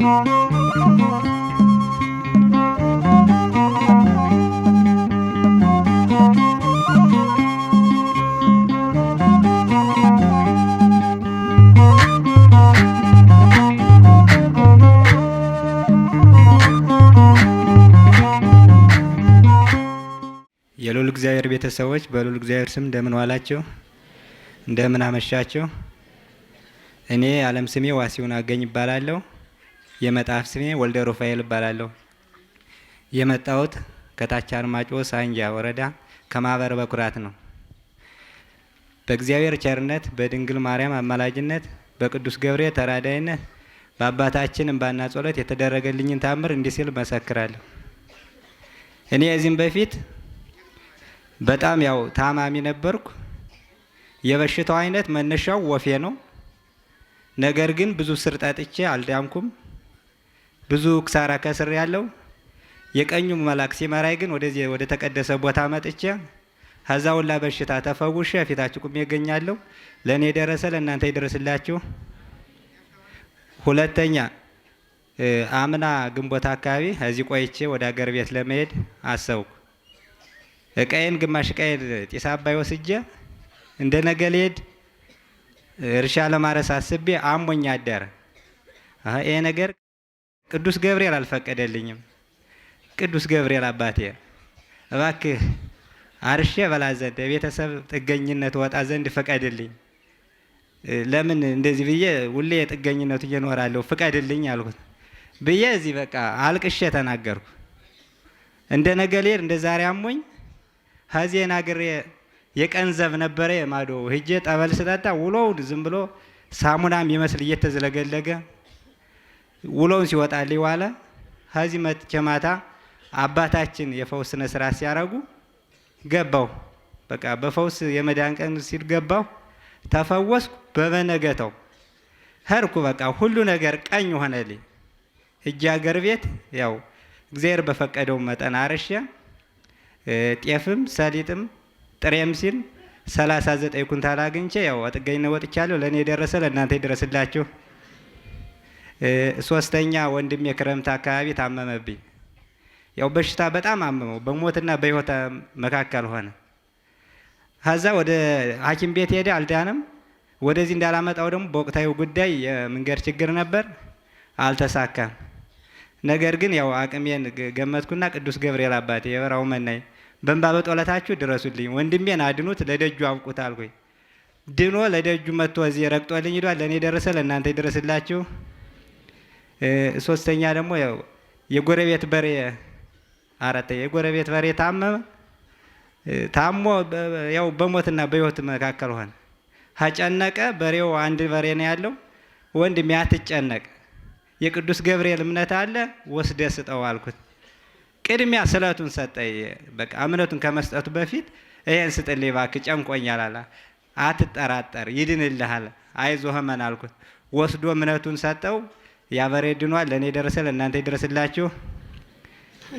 የሉል እግዚአብሔር ቤተሰቦች በሉል እግዚአብሔር ስም እንደምን ዋላቸው? እንደምን አመሻቸው? እኔ አለም ስሜ ዋሲውን አገኝ ይባላለሁ። የመጣፍ ስሜ ወልደ ሩፋኤል እባላለሁ። የመጣሁት ከታች አድማጮ ሳንጃ ወረዳ ከማህበር በኩራት ነው። በእግዚአብሔር ቸርነት በድንግል ማርያም አማላጅነት በቅዱስ ገብርኤል ተራዳይነት በአባታችን እምባና ጸሎት የተደረገልኝን ታምር እንዲህ ሲል መሰክራለሁ። እኔ እዚህም በፊት በጣም ያው ታማሚ ነበርኩ። የበሽታው አይነት መነሻው ወፌ ነው። ነገር ግን ብዙ ስር ጠጥቼ አልዳምኩም። ብዙ ክሳራ ከስር ያለው የቀኙ መልአክ ሲመራይ ግን ወደዚህ ወደ ተቀደሰ ቦታ መጥቼ ከዛ ሁላ በሽታ ተፈውሼ ፊታችሁ ቁሜ ይገኛለሁ። ለእኔ የደረሰ ለእናንተ ይደረስላችሁ። ሁለተኛ አምና ግንቦት አካባቢ እዚህ ቆይቼ ወደ አገር ቤት ለመሄድ አሰብኩ። እቃዬን ግማሽ እቃዬን ጢስ አባይ ወስጄ እንደ ነገ ልሄድ እርሻ ለማረስ አስቤ አሞኝ አደረ ይሄ ነገር ቅዱስ ገብርኤል አልፈቀደልኝም። ቅዱስ ገብርኤል አባቴ እባክህ አርሼ በላ ዘንድ የቤተሰብ ጥገኝነት ወጣ ዘንድ ፍቀድልኝ። ለምን እንደዚህ ብዬ ሁሌ የጥገኝነቱ እየኖራለሁ? ፍቀድልኝ አልኩት ብዬ እዚህ በቃ አልቅሼ ተናገርኩ። እንደ ነገሌር እንደ ዛሬ አሞኝ ሀዜን ናግሬ የቀንዘብ ነበረ የማዶ ህጄ ጠበል ስጠጣ ውሎው ዝም ብሎ ሳሙናም ይመስል እየተዝለገለገ ውሎውን ሲወጣልኝ ዋለ። ከዚህ መጥቼ ማታ አባታችን የፈውስ ስነ ስርዓት ሲያደርጉ ገባው። በቃ በፈውስ የመዳን ቀን ሲል ገባው፣ ተፈወስኩ። በመነገተው ሄድኩ። በቃ ሁሉ ነገር ቀኝ ሆነልኝ። እጅ አገር ቤት ያው እግዚአብሔር በፈቀደው መጠን አርሼ ጤፍም ሰሊጥም ጥሬም ሲል ሰላሳ ዘጠኝ ኩንታል አግኝቼ ያው አጥገኝ ነው ወጥቻለሁ። ለእኔ የደረሰ ለእናንተ ይድረስላችሁ። ሶስተኛ ወንድሜ ክረምት አካባቢ ታመመብኝ። ያው በሽታ በጣም አመመው፣ በሞትና በሕይወት መካከል ሆነ። ከዛ ወደ ሐኪም ቤት ሄደ፣ አልዳንም። ወደዚህ እንዳላመጣው ደግሞ በወቅታዊ ጉዳይ የመንገድ ችግር ነበር፣ አልተሳካም። ነገር ግን ያው አቅሜን ገመትኩና ቅዱስ ገብርኤል አባቴ የበራው መናይ በእንባ በጦለታችሁ ድረሱልኝ፣ ወንድሜን አድኑት፣ ለደጁ አብቁት አልኩኝ። ድኖ ለደጁ መጥቶ እዚህ ረግጦልኝ ሂዷል። ለእኔ ደረሰ፣ ለእናንተ ይደረስላችሁ። ሶስተኛ ደግሞ ያው የጎረቤት በሬ አራተ የጎረቤት በሬ ታመመ ታሞ ያው በሞትና በህይወት መካከል ሆነ። ሀጨነቀ በሬው አንድ በሬ ነው ያለው ወንድም ያትጨነቅ የቅዱስ ገብርኤል እምነት አለ ወስደ ስጠው አልኩት። ቅድሚያ ስለቱን ሰጠኝ። በቃ እምነቱን ከመስጠቱ በፊት ይሄን ስጥልኝ እባክህ ጨንቆኛል አለ። አትጠራጠር ይድንልሃል፣ አይዞህ መን አልኩት። ወስዶ እምነቱን ሰጠው። ያበሬ ድኗል። ለእኔ ደረሰ፣ ለእናንተ ይደረስላችሁ።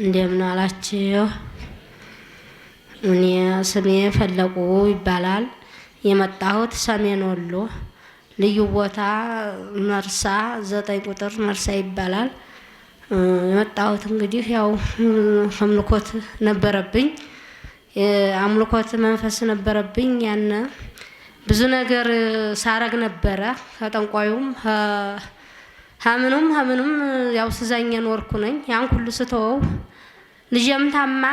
እንደምን አላችሁ? እኔ ስሜ ፈለቁ ይባላል። የመጣሁት ሰሜን ወሎ ልዩ ቦታ መርሳ ዘጠኝ ቁጥር መርሳ ይባላል። የመጣሁት እንግዲህ ያው አምልኮት ነበረብኝ፣ አምልኮት መንፈስ ነበረብኝ። ያን ብዙ ነገር ሳረግ ነበረ ከጠንቋዩም ሀምኑም ሀምኑም ያው ስዘኝ ኖርኩ ነኝ። ያን ሁሉ ስተወው ልጄም ታማ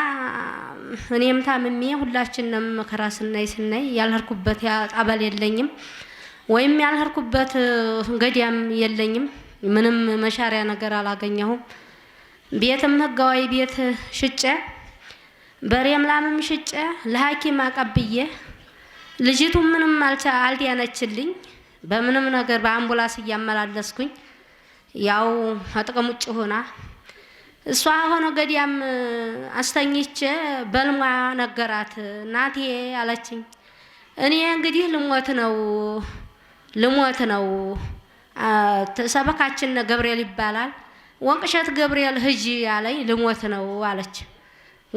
እኔም ታምሜ ሁላችንም መከራ ስናይ ስናይ ያልሄድኩበት ጠበል የለኝም ወይም ያልሄድኩበት ገዳም የለኝም። ምንም መሻሪያ ነገር አላገኘሁም። ቤትም ህጋዊ ቤት ሽጬ በሬም ላምም ሽጬ ለሐኪም አቀብዬ ልጅቱ ምንም አልቻ አልዲያነችልኝ በምንም ነገር በአምቡላንስ እያመላለስኩኝ ያው አጥቅም ውጭ ሆና እሷ ሆኖ ገዲያም አስተኝቼ በልሟ ነገራት። ናቴ አለችኝ፣ እኔ እንግዲህ ልሞት ነው ልሞት ነው። ሰበካችን ገብርኤል ይባላል ወንቅሸት ገብርኤል ህጂ አለኝ። ልሞት ነው አለች።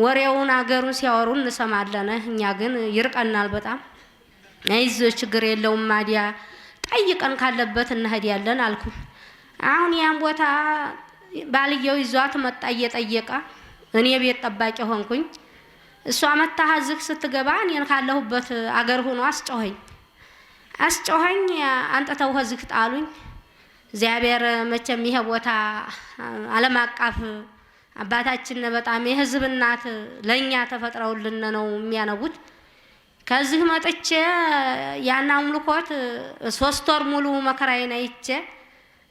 ወሬውን አገሩን ሲያወሩ እንሰማለን፣ እኛ ግን ይርቀናል በጣም አይዞ፣ ችግር የለውም ማዲያ ጠይቀን ካለበት እንሄድ ያለን አልኩ። አሁን ያን ቦታ ባልየው ይዟት መጣ እየጠየቀ እኔ ቤት ጠባቂ ሆንኩኝ። እሷ መታ ሀዝክ ስትገባ እኔን ካለሁበት አገር ሆኖ አስጮኸኝ አስጮኸኝ አንጥተው ሀዝክ ጣሉኝ። እግዚአብሔር መቼም ይሄ ቦታ ዓለም አቀፍ አባታችን በጣም የህዝብ እናት ለእኛ ተፈጥረውልን ነው የሚያነቡት። ከዚህ መጥቼ ያን አምልኮት ሶስት ወር ሙሉ መከራዬን አይቼ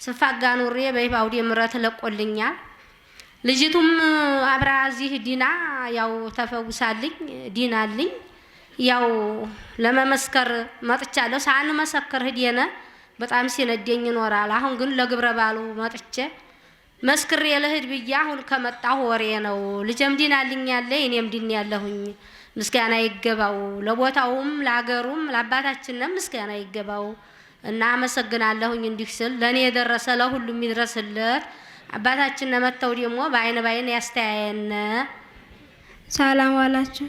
ስፋጋ ኑሬ በይባውዴ ምረት ለቆልኛል። ልጅቱም አብራ እዚህ ዲና ያው ተፈውሳልኝ ዲናልኝ። ያው ለመመስከር መጥቻለሁ። ሳንመሰክር ሂደነ በጣም ሲነደኝ ይኖራል። አሁን ግን ለግብረ ባሉ መጥቼ መስክሬ ልሂድ ብዬ አሁን ከመጣሁ ወሬ ነው። ልጄም ያለ እኔም ዲን ያለሁኝ ምስጋና ይገባው። ለቦታውም ለአገሩም ለአባታችንም ምስጋና ይገባው። እና አመሰግናለሁኝ። እንዲህ ስል ለእኔ የደረሰ ለሁሉ የሚድረስለት አባታችን ነመተው ደግሞ በአይን በአይን ያስተያየነ። ሰላም ዋላችሁ።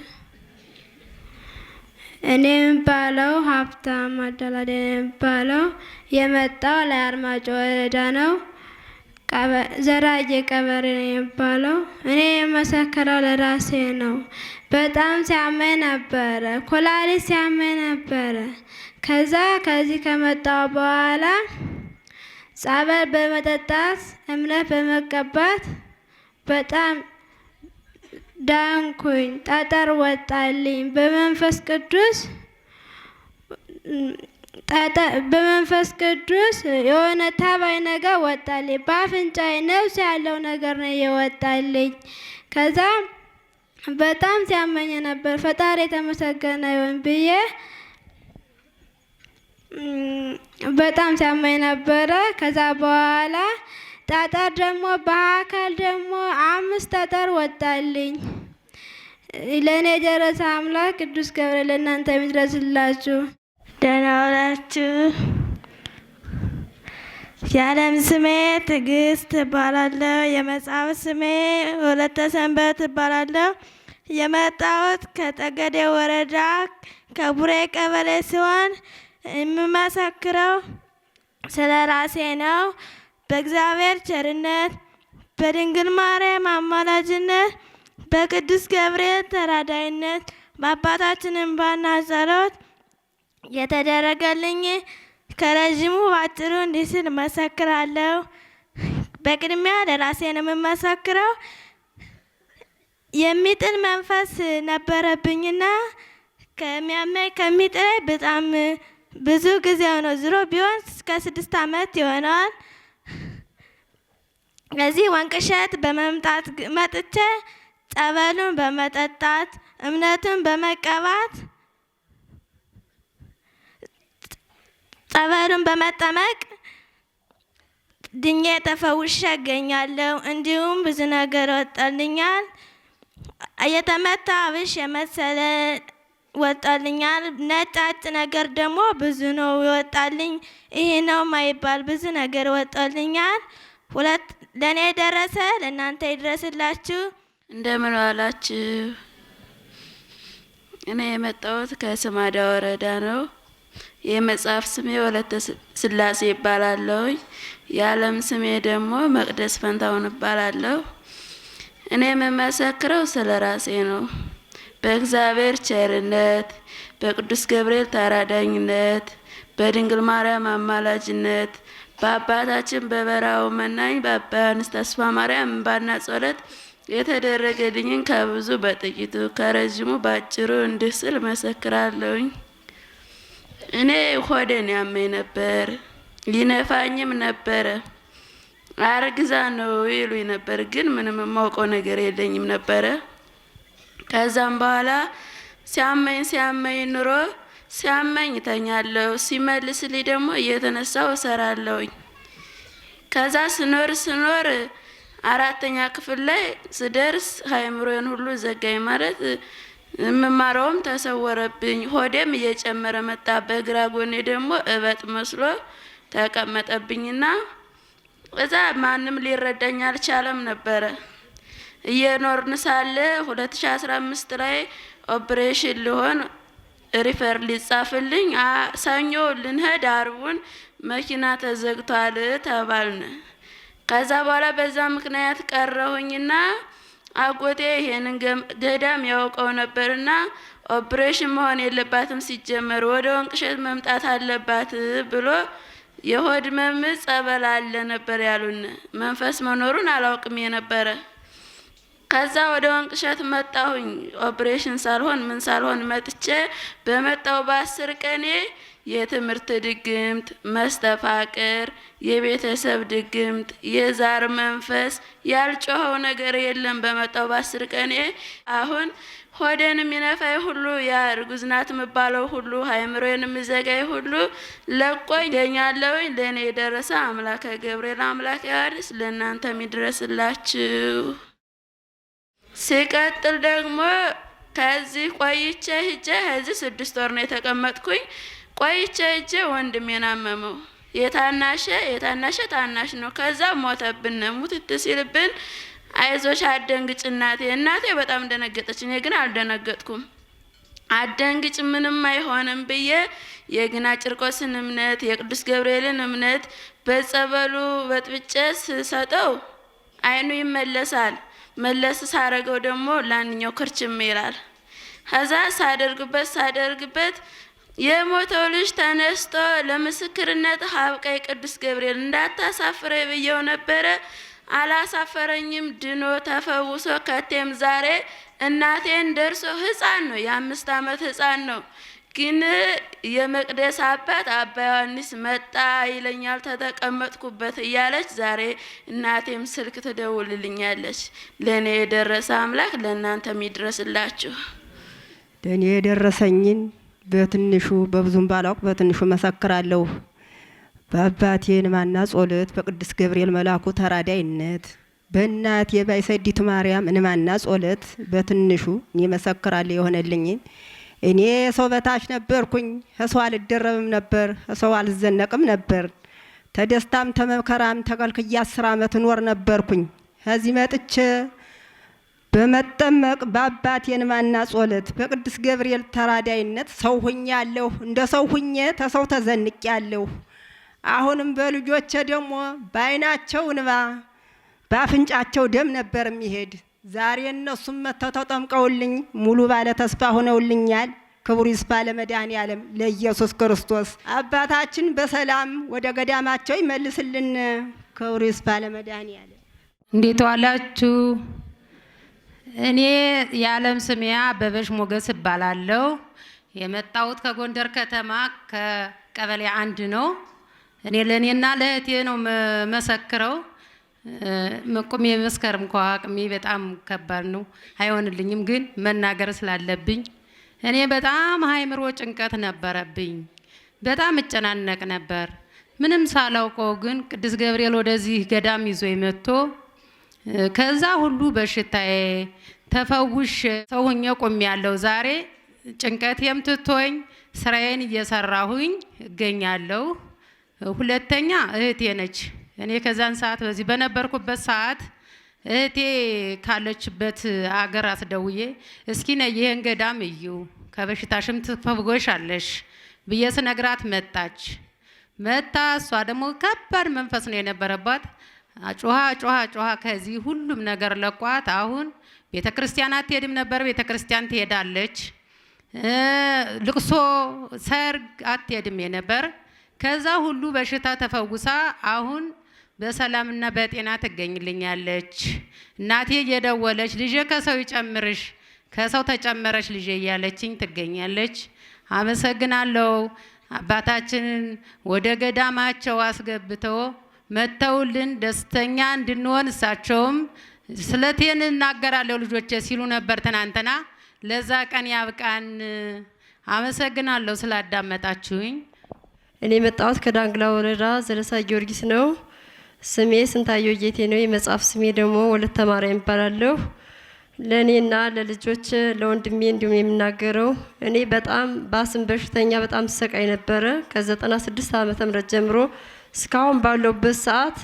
እኔ የሚባለው ሀብታም አደላደ የሚባለው የመጣው ላይ አርማጮ ወረዳ ነው ዘራጌ ቀበሬ ነው የሚባለው። እኔ የመሰከረው ለራሴ ነው። በጣም ሲያመኝ ነበረ፣ ኩላሊት ሲያመኝ ነበረ ከዛ ከዚህ ከመጣው በኋላ ጸበል በመጠጣት እምነት በመቀባት በጣም ዳንኩኝ፣ ጠጠር ወጣልኝ። በመንፈስ ቅዱስ በመንፈስ ቅዱስ የሆነ ታባይ ነገር ወጣልኝ። በአፍንጫዬ ነፍስ ያለው ነገር ነው የወጣልኝ። ከዛ በጣም ሲያመኝ ነበር። ፈጣሪ የተመሰገነ ይሁን ብዬ በጣም ሲያመኝ ነበረ። ከዛ በኋላ ጠጠር ደግሞ በአካል ደግሞ አምስት ጠጠር ወጣልኝ። ለእኔ የደረሰ አምላክ ቅዱስ ገብረ ለእናንተ የሚድረስላችሁ። ደህና ዋላችሁ። የዓለም ስሜ ትዕግስት እባላለሁ። የመጽሐፍ ስሜ ወለተ ሰንበት እባላለሁ። የመጣሁት ከጠገዴ ወረዳ ከቡሬ ቀበሌ ሲሆን የምመሰክረው ስለ ራሴ ነው። በእግዚአብሔር ቸርነት፣ በድንግል ማርያም አማላጅነት፣ በቅዱስ ገብርኤል ተራዳይነት፣ በአባታችን እንባና ጸሎት የተደረገልኝ ከረዥሙ ባጭሩ እንዲህ ስል መሰክራለሁ። በቅድሚያ ለራሴ ነው የምመሰክረው። የሚጥል መንፈስ ነበረብኝና ከሚያመኝ ከሚጥለኝ በጣም ብዙ ጊዜ ሆነው ዝሮ ቢሆን እስከ ስድስት ዓመት የሆነዋል። ከዚህ ወንቅሸት በመምጣት መጥቼ ጸበሉን በመጠጣት እምነቱን በመቀባት ጸበሉን በመጠመቅ ድኜ ተፈውሼ እገኛለሁ። እንዲሁም ብዙ ነገር ወጠልኛል። የተመታ አብሽ የመሰለ ወጣልኛል። ነጫጭ ነገር ደግሞ ብዙ ነው ይወጣልኝ። ይሄ ነው ማይባል ብዙ ነገር ወጣልኛል። ሁለት ለእኔ ደረሰ፣ ለእናንተ ይድረስላችሁ። እንደምን ዋላችሁ? እኔ የመጣሁት ከስማዳ ወረዳ ነው። የመጽሐፍ ስሜ ወለተ ስላሴ ይባላለሁ። የዓለም ስሜ ደግሞ መቅደስ ፈንታውን እባላለሁ እኔ የምመሰክረው ስለ ራሴ ነው። በእግዚአብሔር ቸርነት በቅዱስ ገብርኤል ታራዳኝነት በድንግል ማርያም አማላጅነት በአባታችን በበራው መናኝ በአባ ዮሐንስ ተስፋ ማርያም እንባና ጸሎት የተደረገልኝን ከብዙ በጥቂቱ ከረዥሙ በአጭሩ እንዲህ ስል መሰክራለሁኝ። እኔ ሆዴን ያመኝ ነበር፣ ሊነፋኝም ነበረ። አርግዛ ነው ይሉኝ ነበር፣ ግን ምንም የማውቀው ነገር የለኝም ነበረ። ከዛም በኋላ ሲያመኝ ሲያመኝ ኑሮ ሲያመኝ እተኛለሁ፣ ሲመልስልኝ ደግሞ እየተነሳው እሰራለሁኝ። ከዛ ስኖር ስኖር አራተኛ ክፍል ላይ ስደርስ ሀይምሮን ሁሉ ዘጋኝ። ማለት የምማረውም ተሰወረብኝ። ሆዴም እየጨመረ መጣ። በግራ ጎኔ ደግሞ እበጥ መስሎ ተቀመጠብኝና እዛ ማንም ሊረዳኝ አልቻለም ነበረ። እየኖርን ሳለ 2015 ላይ ኦፕሬሽን ሊሆን ሪፈር ሊጻፍልኝ ሰኞ ልንሄድ አርቡን መኪና ተዘግቷል ተባልን። ከዛ በኋላ በዛ ምክንያት ቀረሁኝና አጎቴ ይሄንን ገዳም ያውቀው ነበርና ኦፕሬሽን መሆን የለባትም ሲጀመር ወደ ወንቅሸት መምጣት አለባት ብሎ የሆድ መም ጸበል አለ ነበር ያሉን። መንፈስ መኖሩን አላውቅም የነበረ ከዛ ወደ ወንቅ እሸት መጣሁኝ። ኦፕሬሽን ሳልሆን ምን ሳልሆን መጥቼ በመጣው በአስር ቀኔ የትምህርት ድግምት፣ መስተፋቅር፣ የቤተሰብ ድግምት፣ የዛር መንፈስ ያልጮኸው ነገር የለም። በመጣው በአስር ቀኔ አሁን ሆዴን የሚነፋይ ሁሉ ያ እርጉዝ ናት የምባለው ሁሉ ሀይምሮን የሚዘጋይ ሁሉ ለቆኝ ገኛለውኝ። ለእኔ የደረሰ አምላከ ገብርኤል አምላከ ዮሐንስ ለእናንተ የሚድረስላችሁ። ሲቀጥል ደግሞ ከዚህ ቆይቼ ሂጄ ከዚህ ስድስት ወር ነው የተቀመጥኩኝ። ቆይቼ ሂጄ ወንድሜን አመመው። የታናሸ የታናሸ ታናሽ ነው። ከዛ ሞተብን። ሙትት ሲልብን አይዞሽ አደንግጭ እናቴ። እናቴ በጣም ደነገጠች፣ እኔ ግን አልደነገጥኩም። አደንግጭ ምንም አይሆንም ብዬ የግና ጭርቆስን እምነት የቅዱስ ገብርኤልን እምነት በጸበሉ በጥብጬ ስሰጠው አይኑ ይመለሳል። መለስ ሳረገው ደግሞ ላንኛው ክርችም ይላል። ከዛ ሳደርግበት ሳደርግበት የሞተው ልጅ ተነስቶ ለምስክርነት ሀብቀይ ቅዱስ ገብርኤል እንዳታሳፍረ ብየው ነበረ። አላሳፈረኝም። ድኖ ተፈውሶ ከቴም ዛሬ እናቴን ደርሶ ህፃን ነው፣ የአምስት ዓመት ህፃን ነው። ግን የመቅደስ አባት አባ ዮሐንስ መጣ ይለኛል፣ ተተቀመጥኩበት እያለች ዛሬ እናቴም ስልክ ትደውልልኛለች። ለእኔ የደረሰ አምላክ ለእናንተ የሚድረስላችሁ። ለእኔ የደረሰኝን በትንሹ በብዙም ባላውቅ በትንሹ መሰክራለሁ። በአባቴ ንማና ጸሎት፣ በቅዱስ ገብርኤል መልአኩ ተራዳይነት፣ በእናቴ ባይሰዲቱ ማርያም ንማና ጸሎት በትንሹ እኔ መሰክራለሁ የሆነልኝን እኔ ሰው በታች ነበርኩኝ። ሰው አልደረብም ነበር፣ ሰው አልዘነቅም ነበር። ተደስታም ተመከራም ተከልክዬ አስር ዓመት እኖር ነበርኩኝ። ከዚህ መጥቼ በመጠመቅ በአባቴ ንባና ጸሎት በቅዱስ ገብርኤል ተራዳይነት ሰው ሁኜ እንደ ሰው ሁኜ ተሰው ተዘንቅ ያለሁ። አሁንም በልጆቼ ደግሞ በዓይናቸው እንባ በአፍንጫቸው ደም ነበር የሚሄድ ዛሬ እነሱም መጥተው ተጠምቀውልኝ ሙሉ ባለ ተስፋ ሆነውልኛል። ክቡር ይስፋ ለመድኃኔ ዓለም ለኢየሱስ ክርስቶስ አባታችን በሰላም ወደ ገዳማቸው ይመልስልን። ክቡር ይስፋ ለመድኃኔ ዓለም። እንዴት ዋላችሁ? እኔ የዓለም ስሜያ አበበሽ ሞገስ እባላለሁ። የመጣሁት ከጎንደር ከተማ ከቀበሌ አንድ ነው። እኔ ለእኔና ለእህቴ ነው መሰክረው መቆም መስከርም እንኳ አቅሜ በጣም ከባድ ነው፣ አይሆንልኝም። ግን መናገር ስላለብኝ እኔ በጣም ሀይምሮ ጭንቀት ነበረብኝ። በጣም እጨናነቅ ነበር። ምንም ሳላውቀው ግን ቅዱስ ገብርኤል ወደዚህ ገዳም ይዞ መጥቶ ከዛ ሁሉ በሽታዬ ተፈውሽ ሰው ሁኜ ቆሜያለሁ። ዛሬ ጭንቀት የምትቶኝ ስራዬን እየሰራሁኝ እገኛለሁ። ሁለተኛ እህቴ ነች እኔ ከዛን ሰዓት በዚህ በነበርኩበት ሰዓት እህቴ ካለችበት አገር አስደውዬ እስኪ ነ ይህን ገዳም እዩ ከበሽታሽም ትፈወሻለሽ ብዬ ስነግራት መጣች። መታ እሷ ደግሞ ከባድ መንፈስ ነው የነበረባት። ጮኋ ጮኋ ጮኋ ከዚህ ሁሉም ነገር ለቋት አሁን ቤተ ክርስቲያን አትሄድም ነበር፣ ቤተ ክርስቲያን ትሄዳለች። ልቅሶ፣ ሰርግ አትሄድም የነበር ከዛ ሁሉ በሽታ ተፈውሳ አሁን በሰላምና በጤና ትገኝልኛለች። እናቴ እየደወለች ልጄ ከሰው ይጨምርሽ ከሰው ተጨመረች ልጄ እያለችኝ ትገኛለች። አመሰግናለሁ። አባታችንን ወደ ገዳማቸው አስገብተው መተውልን ደስተኛ እንድንሆን እሳቸውም ስለቴን እናገራለሁ ልጆቼ ሲሉ ነበር ትናንትና። ለዛ ቀን ያብቃን። አመሰግናለሁ ስላዳመጣችሁኝ። እኔ የመጣሁት ከዳንግላ ወረዳ ዘለሳ ጊዮርጊስ ነው። ስሜ ስንታየው ጌቴ ነው። የመጽሐፍ ስሜ ደግሞ ወለተ ማርያም ይባላለሁ። ለእኔና ለልጆች ለወንድሜ እንዲሁም የምናገረው እኔ በጣም በአስም በሽተኛ በጣም ሰቃይ ነበረ። ከዘጠና ስድስት ዓመተ ምህረት ጀምሮ እስካሁን ባለውበት ሰዓት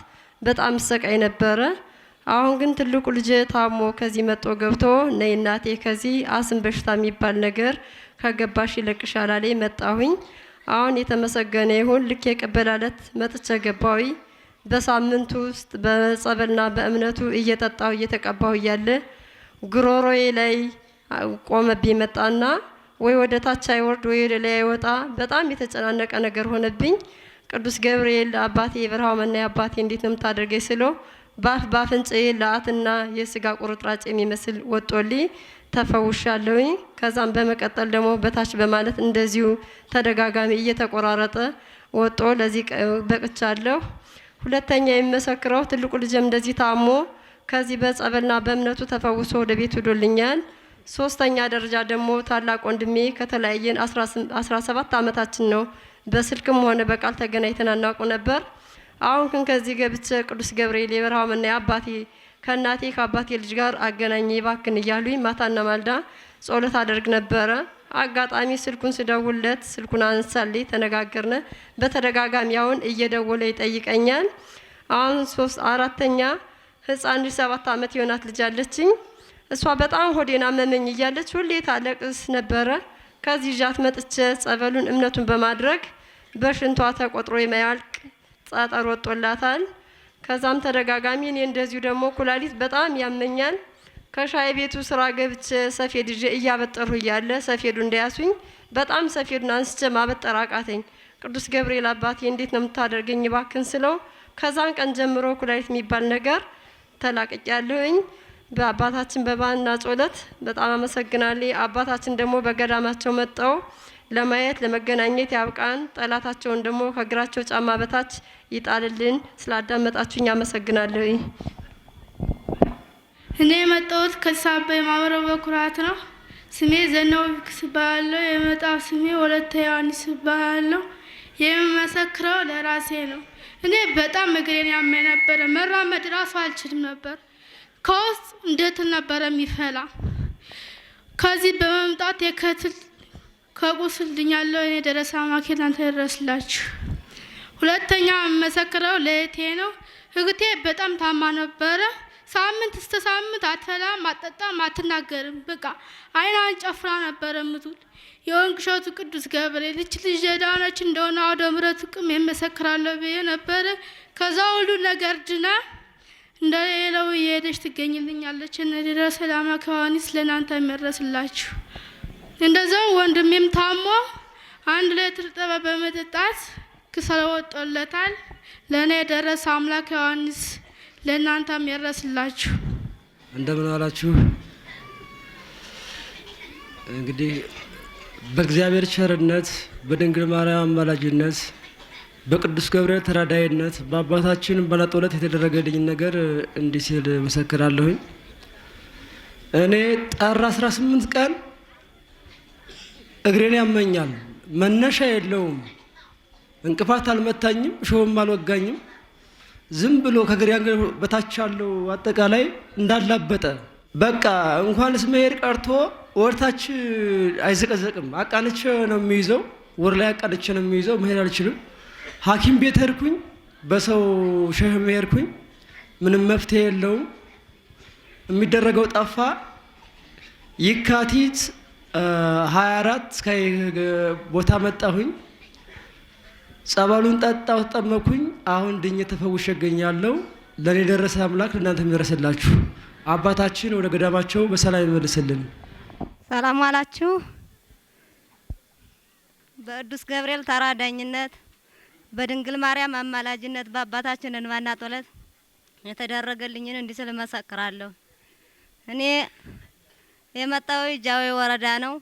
በጣም ሰቃይ ነበረ። አሁን ግን ትልቁ ልጅ ታሞ ከዚህ መጦ ገብቶ ነይ እናቴ ከዚህ አስም በሽታ የሚባል ነገር ከገባሽ ይለቅሻል አለኝ። መጣሁኝ። አሁን የተመሰገነ ይሁን ልክ የቀበላለት መጥቼ ገባዊ በሳምንቱ ውስጥ በጸበልና በእምነቱ እየጠጣው እየተቀባው እያለ ጉሮሮዬ ላይ ቆመብኝ መጣና ወይ ወደ ታች አይወርድ ወይ ወደ ላይ አይወጣ። በጣም የተጨናነቀ ነገር ሆነብኝ። ቅዱስ ገብርኤል አባቴ የበረሃው መና አባቴ እንዴት ነው የምታደርገኝ ስለው ባፍ ባፍንጫዬ ለአትና የስጋ ቁርጥራጭ የሚመስል ወጦልኝ ተፈውሻለሁኝ። ከዛም በመቀጠል ደግሞ በታች በማለት እንደዚሁ ተደጋጋሚ እየተቆራረጠ ወጦ ለዚህ በቅቻለሁ። ሁለተኛ የሚመሰክረው ትልቁ ልጅም እንደዚህ ታሞ ከዚህ በጸበልና በእምነቱ ተፈውሶ ወደ ቤት ዶልኛል ሶስተኛ ደረጃ ደግሞ ታላቅ ወንድሜ ከተለያየን 17 ዓመታችን ነው። በስልክም ሆነ በቃል ተገናኝተን አናውቅ ነበር። አሁን ግን ከዚህ ገብቼ ቅዱስ ገብርኤል የበረሃ መናይ አባቴ ከእናቴ ከአባቴ ልጅ ጋር አገናኘ ባክን እያሉኝ ማታና ማልዳ ጸሎት አደርግ ነበረ። አጋጣሚ ስልኩን ስደውለት ስልኩን አንሳልኝ ተነጋገርነ። በተደጋጋሚ አሁን እየደወለ ይጠይቀኛል። አሁን ሶስት አራተኛ ህፃን ልጅ ሰባት ዓመት የሆናት ልጅ አለችኝ። እሷ በጣም ሆዴን አመመኝ እያለች ሁሌ ታለቅስ ነበረ። ከዚህ ዣት መጥቼ ጸበሉን እምነቱን በማድረግ በሽንቷ ተቆጥሮ የማያልቅ ጻጠር ወጦላታል። ከዛም ተደጋጋሚ እኔ እንደዚሁ ደግሞ ኩላሊት በጣም ያመኛል። ከሻይ ቤቱ ስራ ገብቼ ሰፌድ ይዤ እያበጠሩ እያለ ሰፌዱ እንዳያሱኝ በጣም ሰፌዱን አንስቼ ማበጠር አቃተኝ። ቅዱስ ገብርኤል አባቴ እንዴት ነው የምታደርገኝ ባክን ስለው ከዛን ቀን ጀምሮ ኩላሊት የሚባል ነገር ተላቅቅ ያለሁኝ በአባታችን በባህና ጾለት በጣም አመሰግናለሁ። አባታችን ደግሞ በገዳማቸው መጠው ለማየት ለመገናኘት ያብቃን። ጠላታቸውን ደግሞ ከእግራቸው ጫማ በታች ይጣልልን። ስላዳመጣችሁኝ አመሰግናለሁኝ። እኔ የመጣሁት ከአዲስ አበባ በኩራት ነው። ስሜ ዘነው ዘነበክስ ባለው የመጣው ስሜ ወለተ ዮሐንስ ባለው የምመሰክረው ለራሴ ነው። እኔ በጣም እግሬን ያመኝ ነበረ። መራመድ ራሱ አልችልም ነበር። ከውስጥ እንዴት ነበረ የሚፈላ። ከዚህ በመምጣት የከትል ከቁስል ድኛለሁ። እኔ ደረሳ ማኬ እናንተ ደረስላችሁ። ሁለተኛ የምመሰክረው ለእህቴ ነው። እህቴ በጣም ታማ ነበረ። ሳምንት እስተ ሳምንት አትበላም፣ አትጠጣም፣ አትናገርም። በቃ አይኗን ጨፍራ ነበረ ምትውል። የወንቅ እሸቱ ቅዱስ ገብርኤል እች ልጅ የዳነች እንደሆነ አውደ ምሕረቱ ቅም የመሰክራለሁ ብዬ ነበረ። ከዛ ሁሉ ነገር ድና እንደ እየሄደች ትገኝልኛለች። እንዲረ ሰላማ ከዋኒስ ለእናንተ የሚደርስላችሁ እንደዛው ወንድሜም ታሞ አንድ ሌትር ጠበ በመጠጣት ክሰል ወጦለታል። ለእኔ የደረሰ አምላክ ዮሐንስ ለእናንተም ይድረስላችሁ። እንደምን አላችሁ? እንግዲህ በእግዚአብሔር ቸርነት በድንግል ማርያም አማላጅነት በቅዱስ ገብርኤል ተራዳይነት በአባታችን ባለጠውለት የተደረገልኝ ነገር እንዲህ ሲል መሰክራለሁኝ። እኔ ጥር 18 ቀን እግሬን ያመኛል። መነሻ የለውም። እንቅፋት አልመታኝም፣ እሾህም አልወጋኝም። ዝም ብሎ ከግራንገር በታች ያለው አጠቃላይ እንዳላበጠ በቃ እንኳንስ መሄድ ቀርቶ ወርታች አይዘቀዘቅም። አቃንቼ ነው የሚይዘው፣ ወር ላይ አቃንቼ ነው የሚይዘው። መሄድ አልችልም። ሐኪም ቤት ሄድኩኝ፣ በሰው ሸህ መሄድኩኝ። ምንም መፍትሄ የለውም። የሚደረገው ጠፋ። የካቲት 24 ቦታ መጣሁኝ። ጸበሉን ጠጣሁ፣ ተጠመኩኝ። አሁን ድኝ ተፈውሽ እገኛለሁ። ለእኔ የደረሰ አምላክ ለእናንተ የሚደረስላችሁ። አባታችን ወደ ገዳማቸው በሰላም ይመልስልን። ሰላም አላችሁ። በቅዱስ ገብርኤል ተራዳኝነት በድንግል ማርያም አማላጅነት በአባታችን እንባና ጦለት የተደረገልኝን እንዲህ ስል መሰክራለሁ። እኔ የመጣው ጃዊ ወረዳ ነው።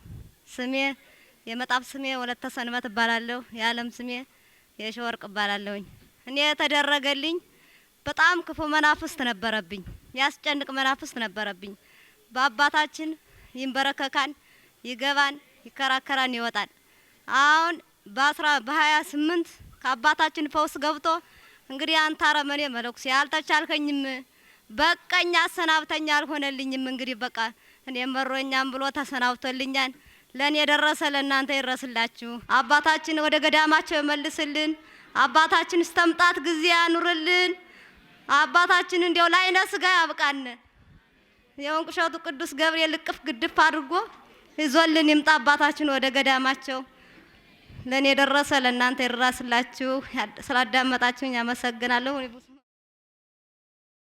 ስሜ የመጣፍ ስሜ ወለተ ሰንበት እባላለሁ። የዓለም ስሜ ወርቅ እባላለሁኝ። እኔ የተደረገልኝ በጣም ክፉ መናፍስት ነበረብኝ፣ ያስጨንቅ መናፍስት ነበረብኝ። በአባታችን ይንበረከካን፣ ይገባን፣ ይከራከራን፣ ይወጣል። አሁን በአስራ በሀያ ስምንት ከአባታችን ፈውስ ገብቶ እንግዲህ አንተ አረመኔ መለኩሴ አልተቻልከኝም፣ በቀኝ አሰናብተኛ አልሆነልኝም። እንግዲህ በቃ እኔ መሮኛም ብሎ ተሰናብቶልኛል። ለእኔ የደረሰ ለእናንተ ይረስላችሁ። አባታችን ወደ ገዳማቸው ይመልስልን። አባታችን እስተምጣት ጊዜ ያኑርልን። አባታችን እንዲያው ለዓይነ ስጋ ያብቃን። የወንቅ እሸቱ ቅዱስ ገብርኤል ልቅፍ ግድፍ አድርጎ ይዞልን ይምጣ። አባታችን ወደ ገዳማቸው ለእኔ የደረሰ ለእናንተ ይረስላችሁ። ስላዳመጣችሁኝ አመሰግናለሁ።